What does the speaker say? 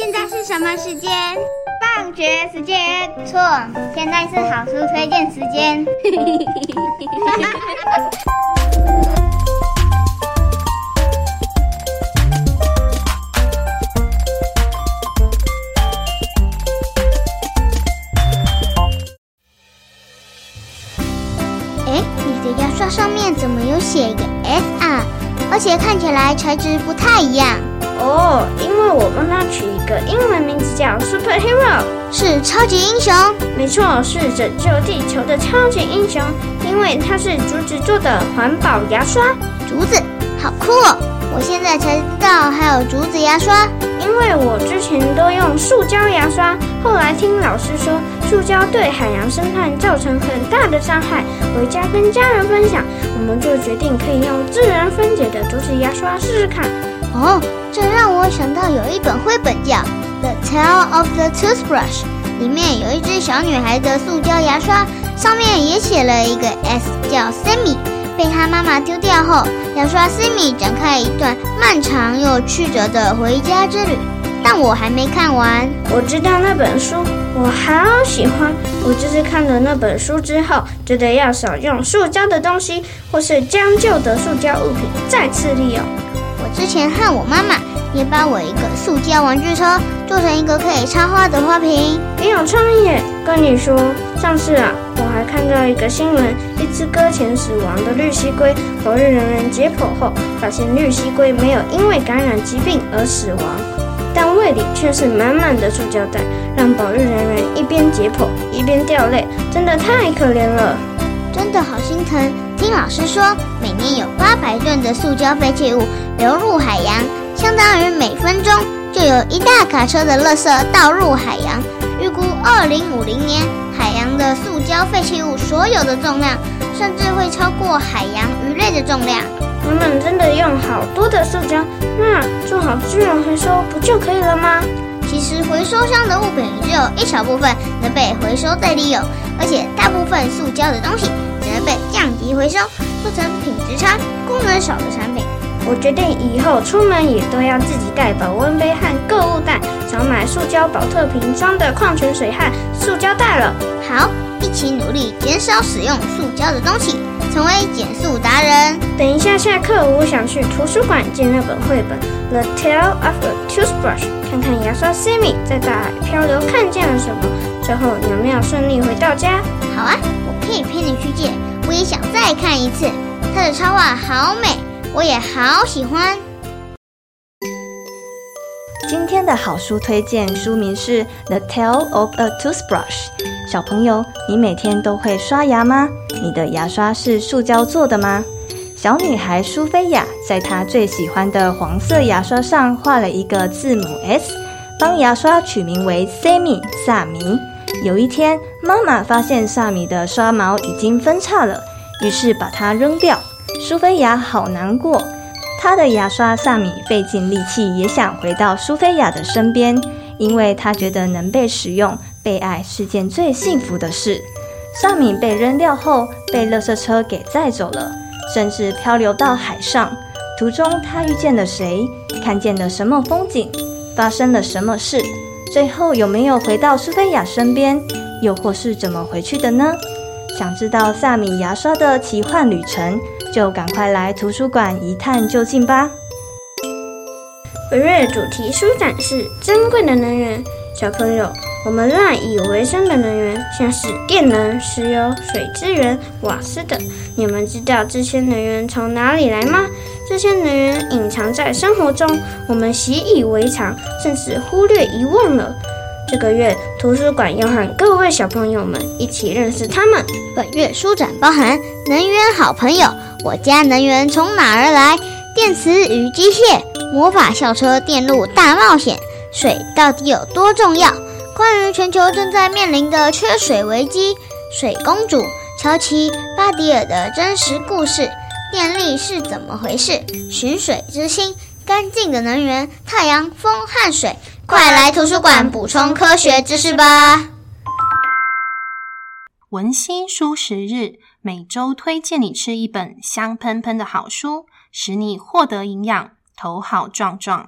現在是什麼時間？放學時間。錯，現在是好書推薦時間。 哎，你的牙刷上面怎麼有寫一個 S 啊？而且看起來材質不太一樣。哦，因為我幫他取一個英文名字叫 Superhero，是超級英雄。沒錯，是拯救地球的超級英雄。因為它是竹子做的環保牙刷，竹子好酷哦！我現在才知道還有竹子牙刷，因為我之前都用塑膠牙刷。後來聽老師說塑膠對海洋生態造成很大的傷害，回家跟家人分享，我們就決定可以用自然分解的竹子牙刷試試看。哦、oh，這讓我想到有一本繪本叫《The Tale of the Toothbrush》，裡面有一隻小女孩的塑膠牙刷，上面也寫了一個 S，叫 Sammy。被她媽媽丟掉後，牙刷 Sammy 展開一段漫長又曲折的回家之旅。但我還沒看完。我知道那本書，我好喜歡。我就是看了那本書之後，覺得要少用塑膠的東西，或是將舊的塑膠物品再次利用。之前和我媽媽也把我一個塑膠玩具車做成一個可以插花的花瓶，沒有創意。跟你說，上次啊，我還看到一個新聞，一只擱淺死亡的綠蠵龜，保育人員解剖後發現綠蠵龜沒有因為感染疾病而死亡，但胃裡卻是滿滿的塑膠袋，讓保育人員一邊解剖一邊掉淚，真的太可憐了，真的好心疼。聽老師說，每年有八百噸的塑膠廢棄物流入海洋，相當於每分鐘就有一大卡車的垃圾倒入海洋。預估二零五零年，海洋的塑膠廢棄物所有的重量，甚至會超過海洋魚類的重量。他們真的用好多的塑膠，那、嗯、做好資源回收不就可以了嗎？其實回收箱的物品只有一小部分能被回收再利用，而且大部分塑膠的東西只能被降級回收，做成品質差、功能少的產品。我決定以後出門也都要自己帶保溫杯和購物袋，少買塑膠寶特瓶裝的礦泉水和塑膠袋了。好，一起努力減少使用塑膠的東西，成為減塑達人。等一下下課，我想去圖書館借那本繪本《The Tale of a Toothbrush》。看看牙刷薩米在大海漂流看見了什麼，最後有沒有順利回到家？好啊，我可以陪你去借，我也想再看一次，它的插畫好美，我也好喜歡。今天的好書推薦書名是《The Tale of a Toothbrush》。小朋友，你每天都會刷牙嗎？你的牙刷是塑膠做的嗎？小女孩蘇菲亞在她最喜歡的黃色牙刷上畫了一個字母 S，幫牙刷取名為 Sammy 薩米。有一天，媽媽發現薩米的刷毛已經分叉了，於是把它扔掉。蘇菲亞好難過。她的牙刷薩米費盡力氣也想回到蘇菲亞的身邊，因為他覺得能被使用、被愛是件最幸福的事。薩米被扔掉後，被垃圾車給載走了。甚至漂流到海上，途中他遇見了誰，看見了什麼風景，發生了什麼事，最後有沒有回到蘇菲亞身邊，又或是怎麼回去的呢？想知道薩米牙刷的奇幻旅程，就趕快來圖書館一探究竟吧。本月主題書展是《珍貴的能源》，小朋友。我們賴以為生的能源，像是電能、石油、水資源、瓦斯等。你們知道這些能源從哪裡來嗎？這些能源隱藏在生活中，我們習以為常，甚至忽略、遺忘了。這個月，圖書館要和各位小朋友們一起認識他們。本月書展包含《能源好朋友》《我家能源從哪兒來》《電磁與機械》《魔法校車電路大冒險》《水到底有多重要》。關於全球正在面臨的缺水危機，水公主喬奇巴迪爾的真實故事，電力是怎麼回事？尋水之心，乾淨的能源，太陽、風和水，快來圖書館補充科學知識吧！文欣書食日，每周推薦你吃一本香噴噴的好書，使你獲得營養，頭好壯壯。